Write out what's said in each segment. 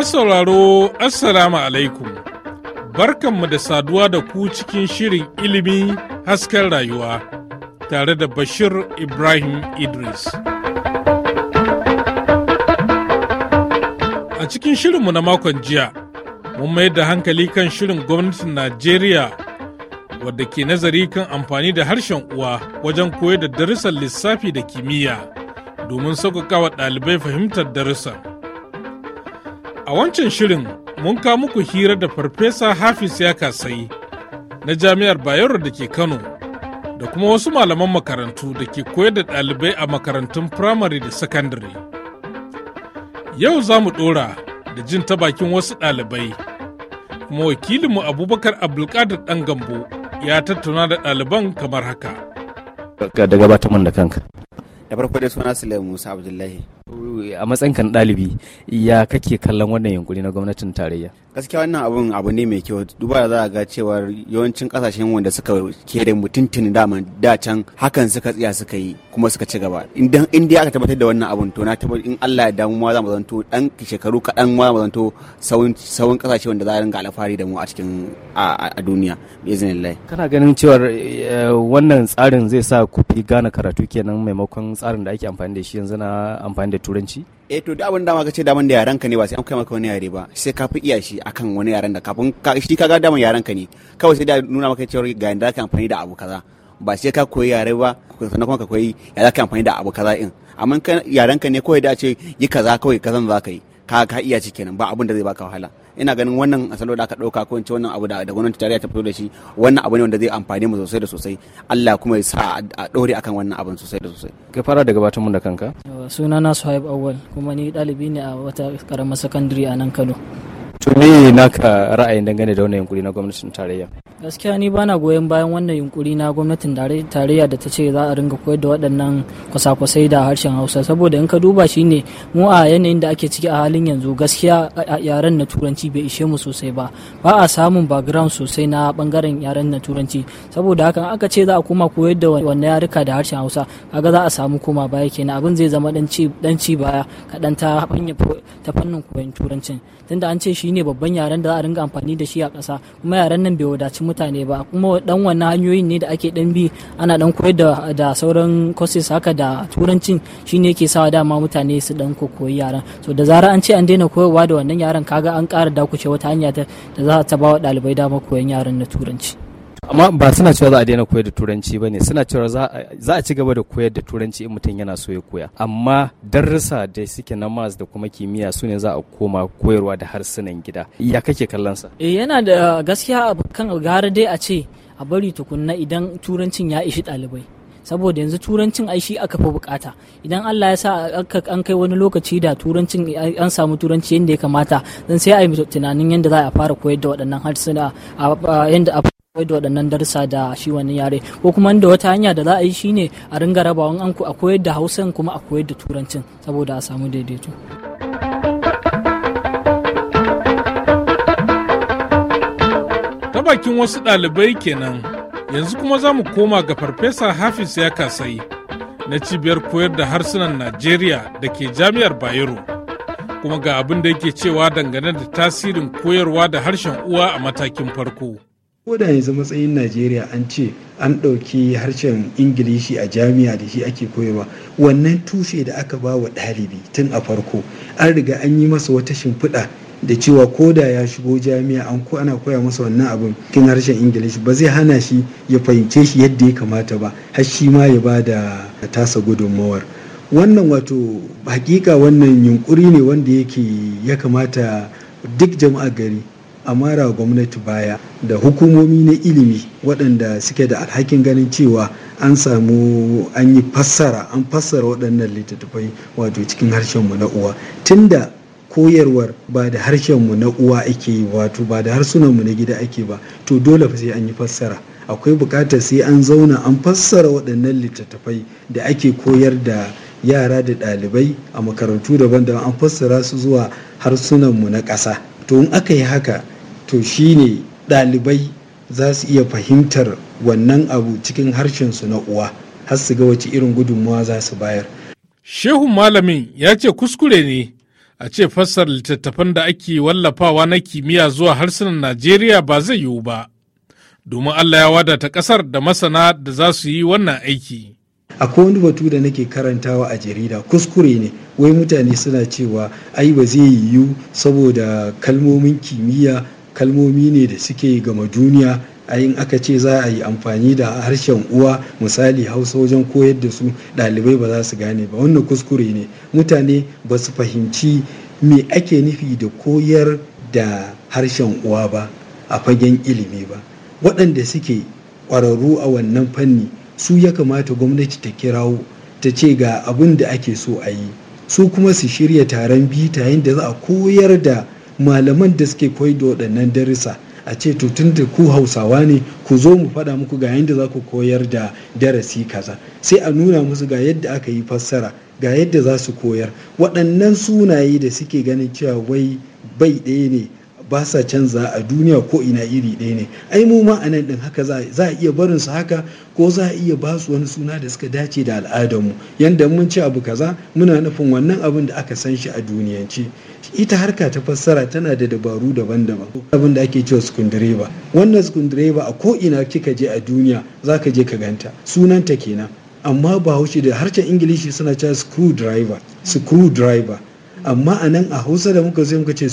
Masu Assalamu alaikum. Barkanmu da saduwa da ku cikin shirin ilimi hasken rayuwa tare da Bashir Ibrahim Idris. A cikin shirinmu na makon jiya, mun mai da hankali kan shirin gwamnatin Najeriya wadda ke nazari kan amfani da harshen uwa wajen koyar da darussan lissafi da kimiyya domin sauƙaƙa wa ɗalibai fahimtar darussan. A wancan shirin mun kawo muku hira da Farfesa Hafiz ya kasai na Jami'ar Bayero da ke Kano da kuma wasu malaman makarantu da ke koyar da ɗalibai a makarantun firamare da sakandare. Yau za mu ɗora da jin ta bakin wasu ɗalibai, kuma wakilinmu Abubakar Abdulkadir ɗan Gambo ya tattauna da ɗaliban kamar haka. Daga gabatar da kanka. Da farko dai suna Sulaiman Musa Abdullahi. a matsayin kan ɗalibi ya kake kallon wannan yunkuri na gwamnatin tarayya gaskiya wannan abun abu ne mai kyau duba da za a ga cewar yawancin kasashen wanda suka ke da mutuntun dama da can hakan suka tsaya suka yi kuma suka ci gaba idan in aka tabbatar da wannan abun to na tabbatar in Allah ya damu ma za mu zanto dan shekaru kaɗan ma za mu zanto sauran kasashe wanda za a ringa alfahari da mu a cikin a duniya biiznillah kana ganin cewar eh, wannan tsarin zai sa ku fi gane karatu kenan maimakon tsarin da ake amfani da shi yanzu na amfani da turanci E to da abin da ka ce daman da yaran ka ne ba sai an kai maka wani yare ba sai ka fi iya shi akan wani yaran da kafin shi kaga daman yaran ka ne kawai sai da nuna maka cewa ga yanda ka amfani da abu kaza ba sai ka koyi yare ba sannan kuma ka koyi ya za ka amfani da abu kaza in amma yaran ka ne kawai da ce yi kaza kawai kazan za ka yi ka ka iya ci kenan ba abin da zai baka wahala ina ganin wannan asalo da aka dauka ko ince wannan abu da da gwamnati tarayya ta fito da shi wannan abu ne wanda zai amfane mu sosai da sosai Allah kuma ya sa a dore akan wannan abin sosai da sosai ka fara daga batun mun da kanka sunana Suhaib Awwal kuma ni dalibi ne a wata karamar sakandare a nan Kano to me naka ra'ayin dangane da wannan yunkuri na gwamnatin tarayya gaskiya ni bana goyon bayan wannan yunkuri na gwamnatin tarayya da ta ce za a ringa koyar da waɗannan kwasa-kwasai da harshen hausa saboda in ka duba shi ne mu a yanayin da ake ciki a halin yanzu gaskiya yaren na turanci bai ishe mu sosai ba ba a samun background sosai na bangaren yaren na turanci saboda hakan aka ce za a koma koyar da wannan yaruka da harshen hausa kaga za a samu koma baya kenan abin zai zama dan ci baya kaɗan ta fannin koyon turancin tunda an ce shi ne babban yaren da za a ringa amfani da shi a ƙasa kuma yaren nan bai wadaci mutane ba kuma dan wannan hanyoyin ne da ake dan bi ana dan koyar da, da sauran courses haka da turancin shine yake sawa dama mutane su dan koyi yaran so da zara an ce an daina koyarwa da wannan yaran kaga an ƙara dakushe wata hanya ta da za ta ba wa ɗalibai dama koyan yaran na turanci amma ba suna cewa za a daina koyar da turanci ba ne suna cewa za a ci gaba da koyar da turanci in mutum yana so ya koya amma darussa da suke na mas da kuma kimiyya su ne za a koma koyarwa da harsunan gida ya kake kallon sa eh yana da gaskiya kan gara dai a ce a bari tukunna idan turancin ya ishi ɗalibai saboda yanzu turancin ai shi aka fi bukata idan Allah ya sa aka an kai wani lokaci da turancin an samu turanci yadda ya kamata dan sai a yi tunanin yadda za a fara koyar da waɗannan harsuna yadda a akwai da waɗannan darsa da shi wani yare ko kuma da wata hanya da za a yi shine a ringa rabawan an a koyar da hausan kuma a koyar da turancin saboda a samu daidaito ta bakin wasu ɗalibai kenan yanzu kuma za mu koma ga farfesa hafiz ya kasai na cibiyar koyar da harsunan najeriya da ke jami'ar bayero kuma ga abin da yake cewa dangane da tasirin koyarwa da harshen uwa a matakin farko. ko da yanzu matsayin najeriya an ce an ɗauki harshen ingilishi a jami'a da shi ake koyarwa wannan tushe da aka ba wa ɗalibi tun a farko an riga an yi masa wata shimfiɗa da cewa ko da ya shigo jami'a an ko ana koya masa wannan abin kin harshen ingilishi ba zai hana shi ya fahimce shi yadda ya kamata ba har shi ma ya ba da tasa gudunmawar wannan wato hakika wannan yunkuri ne wanda yake ya kamata duk jama'a gari a mara gwamnati baya da hukumomi na ilimi waɗanda suke da alhakin ganin cewa an samu an yi fassara an fassara waɗannan littattafai wato cikin harshenmu na uwa tunda koyarwar ba da harshenmu na uwa ake yi wato ba da harsunanmu na gida ake ba to dole fa sai an yi fassara akwai buƙatar sai an zauna an fassara waɗannan littattafai da ake koyar da yara da ɗalibai a makarantu daban-daban an fassara su zuwa harsunanmu na ƙasa to in aka yi haka to shi ne dalibai za su iya fahimtar wannan abu cikin harshen su na uwa har su ga wace irin gudunmawa za su bayar shehu malamin ya ce kuskure ne a ce fassar littattafan da ake wallafawa na kimiyya zuwa harsunan najeriya ba zai yiwu ba domin allah ya wadata kasar da masana da za su yi wannan aiki akwai wani batu da nake karantawa a jarida kuskure ne wai mutane suna cewa ai ba zai yiwu saboda kalmomin kimiyya kalmomi ne da suke gama duniya ayin aka ce za a yi amfani da harshen uwa misali hausa wajen koyar da su ɗalibai ba za su gane ba wannan kuskure ne mutane ba su fahimci me ake nufi da koyar da harshen uwa ba a fagen ilimi ba waɗanda suke ƙwararru a wannan fanni su ya kamata gwamnati ta kirawo ta ce ga abin da ake so a yi su kuma su shirya taron bita yadda za a koyar da malaman da suke koyar da waɗannan darussa a ce to tun da ku hausawa ne ku zo mu faɗa muku ga yadda za ku koyar da darasi kaza sai a nuna musu ga yadda aka yi fassara ga yadda za su koyar waɗannan sunaye da suke ganin cewa wai bai ɗaya ne ba sa canza a duniya ko ina iri ɗaya ne ai mu ma anan din haka za a iya barin su haka ko za a iya ba su wani suna da suka dace da al'adarmu yanda mun ce abu kaza muna nufin wannan abin da aka san shi a duniyance ita harka ta fassara tana da dabaru daban-daban abin da ake cewa sukundireba wannan sukundireba a ko ina kika je a duniya za ka je ka ganta sunanta kenan amma bahaushe da harshen ingilishi suna cewa screwdriver screwdriver amma a nan a hausa da muka zai muka ce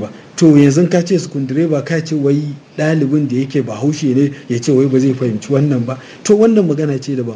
ba to yanzu ka ce ba ka ce wai ɗalibin da yake ba haushe ne ya ce wai ba zai fahimci wannan ba to wannan magana ce da ba.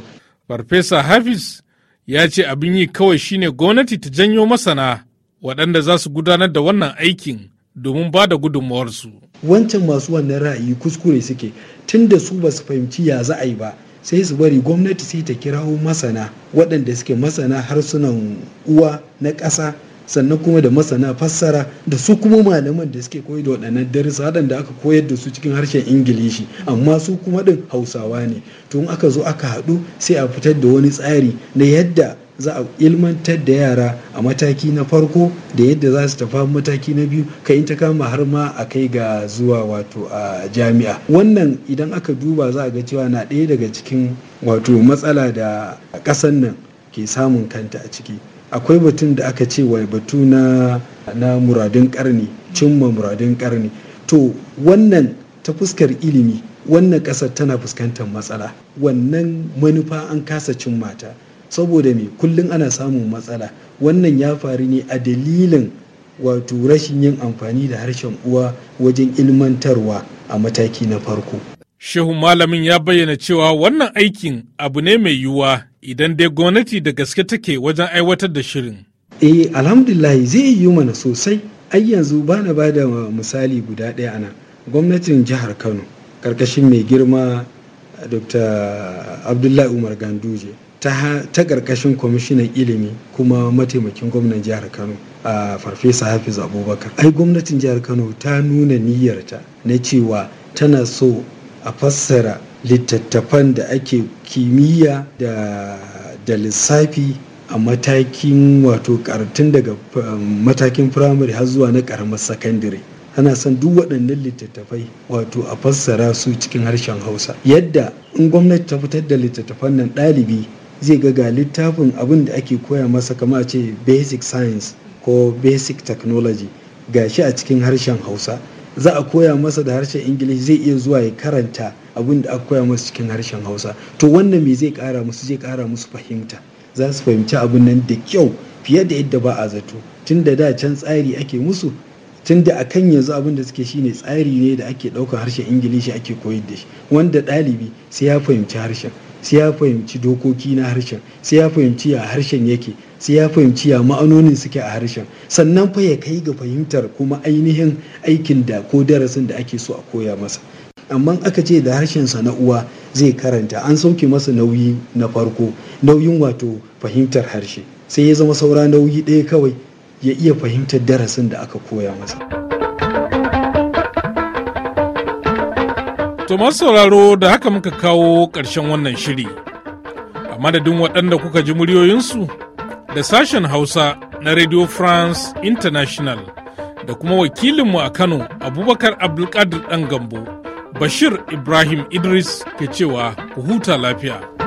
farfesa hafiz ya ce abin yi kawai shine gwamnati ta janyo masana waɗanda za su gudanar da wannan aikin domin ba da gudunmawarsu. wancan masu wannan ra'ayi kuskure suke tun da su ba su fahimci ya za a yi ba sai su bari gwamnati sai ta kirawo masana waɗanda suke masana harsunan uwa na ƙasa sannan kuma da masana fassara da su kuma malaman da suke koyi da waɗannan darussa waɗanda aka koyar da su cikin harshen ingilishi amma su kuma ɗin hausawa ne tun aka zo aka haɗu sai a fitar da wani tsari na yadda za a ilmantar da yara a mataki na farko da yadda za su tafa mataki na biyu ka in ta kama har ma a kai ga zuwa wato a jami'a wannan idan aka duba za a ga cewa na ɗaya daga cikin wato matsala da ƙasan nan ke samun kanta a ciki akwai batun da aka ce wai batu na na muradun karni cimma muradun karni to wannan ta fuskar ilimi wannan ƙasar tana fuskantar matsala wannan manufa an kasa cin mata saboda me kullum ana samun matsala wannan ya faru ne a dalilin wato rashin yin amfani da harshen uwa wajen ilmantarwa a mataki na farko Shehu Malamin ya bayyana cewa wannan aikin abu ne mai yiwuwa idan dai gwamnati da gaske take wajen aiwatar da shirin. Eh alhamdulillah zai yiwu mana sosai ai yanzu ba na ba da misali guda ɗaya ana gwamnatin jihar Kano karkashin mai girma Dr. Abdullahi Umar Ganduje ta, ta karkashin kwamishinan ilimi kuma mataimakin gwamnan jihar Kano a Farfesa Hafiz Abubakar. Ai gwamnatin jihar Kano ta nuna niyyarta na cewa tana so a fassara littattafan da ake kimiyya da, lissafi a matakin wato karatun daga um, matakin firamare har zuwa na karamar sakandare ana son duk waɗannan littattafai wato a fassara su cikin harshen hausa yadda in gwamnati ta fitar da littattafan nan ɗalibi zai ga ga littafin abin da ake koya masa kama ce basic science ko basic technology gashi a cikin harshen hausa za a koya masa da harshen ingilishi zai iya zuwa ya karanta abin da aka koya masa cikin harshen hausa to wannan me zai kara musu zai kara musu fahimta za su fahimci abin nan da kyau fiye da yadda ba a zato tun da da can tsari ake musu tunda a kan yanzu abin da suke shine tsari ne da ake ɗaukar harshen ingilishi ake koyar da shi wanda ɗalibi sai ya fahimci harshen sai ya fahimci dokoki na harshen sai ya fahimci ya harshen yake sai ya fahimci ya ma'anonin suke a harshen sannan fa ya kai ga fahimtar kuma ainihin aikin da ko darasin da ake so a koya masa amma aka ce da harshensa na uwa zai karanta an sauke masa nauyi na farko nauyin wato fahimtar harshe sai ya zama saura nauyi ɗaya kawai ya iya fahimtar darasin da aka koya masa. To sauraro da haka muka kawo ƙarshen wannan shiri, a madadin waɗanda kuka ji muryoyinsu da sashen Hausa na Radio France International da kuma wakilinmu a Kano Abubakar Abdulkadir ɗan gambo, Bashir Ibrahim Idris ke cewa ku huta lafiya.